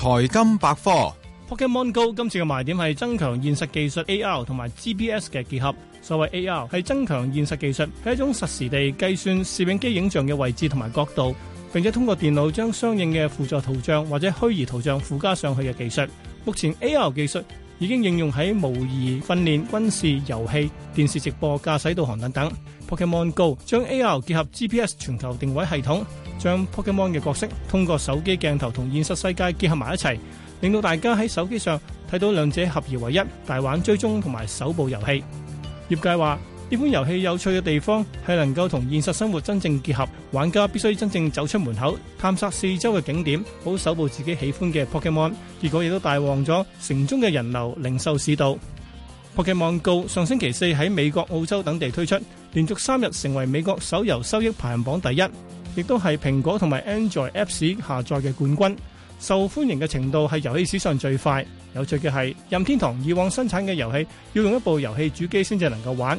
財金百科，Pokemon Go 今次嘅賣點係增強現實技術 AR 同埋 GPS 嘅結合。所謂 AR 係增強現實技術，係一種實時地計算攝影機影像嘅位置同埋角度，並且通過電腦將相應嘅輔助圖像或者虛擬圖像附加上去嘅技術。目前 AR 技術，已經應用喺模擬訓練、軍事遊戲、電視直播、駕駛導航等等。Pokemon Go 將 AR 結合 GPS 全球定位系統，將 Pokemon 嘅角色通過手機鏡頭同現實世界結合埋一齊，令到大家喺手機上睇到兩者合二為一，大玩追蹤同埋手部遊戲。業界話。呢款遊戲有趣嘅地方係能夠同現實生活真正結合，玩家必須真正走出門口，探索四周嘅景點，好收服自己喜歡嘅 Pokemon。結果亦都大旺咗城中嘅人流、零售市道。Pokemon Go 上星期四喺美國、澳洲等地推出，連續三日成為美國手遊收益排行榜第一，亦都係蘋果同埋 Android Apps 下載嘅冠軍，受歡迎嘅程度係遊戲史上最快。有趣嘅係任天堂以往生產嘅遊戲要用一部遊戲主機先至能夠玩。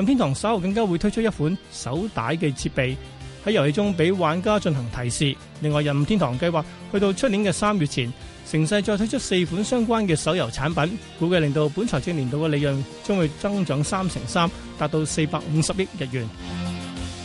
任天堂稍後更加會推出一款手帶嘅設備喺遊戲中俾玩家進行提示。另外，任天堂計劃去到出年嘅三月前，乘勢再推出四款相關嘅手遊產品，估計令到本財政年度嘅利潤將會增長三成三，達到四百五十億日元。